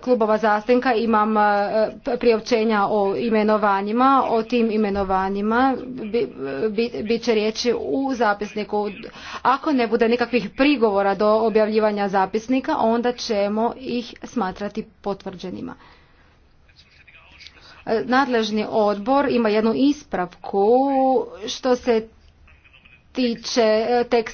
klubova zastanka imam e, priopćenja o imenovanjima. O tim imenovanjima bit će riječi u zapisniku. Ako ne bude nikakvih prigovora do objavljivanja zapisnika, onda ćemo ih smatrati potvrđenima. E, nadležni odbor ima jednu ispravku što se tiče e, teksta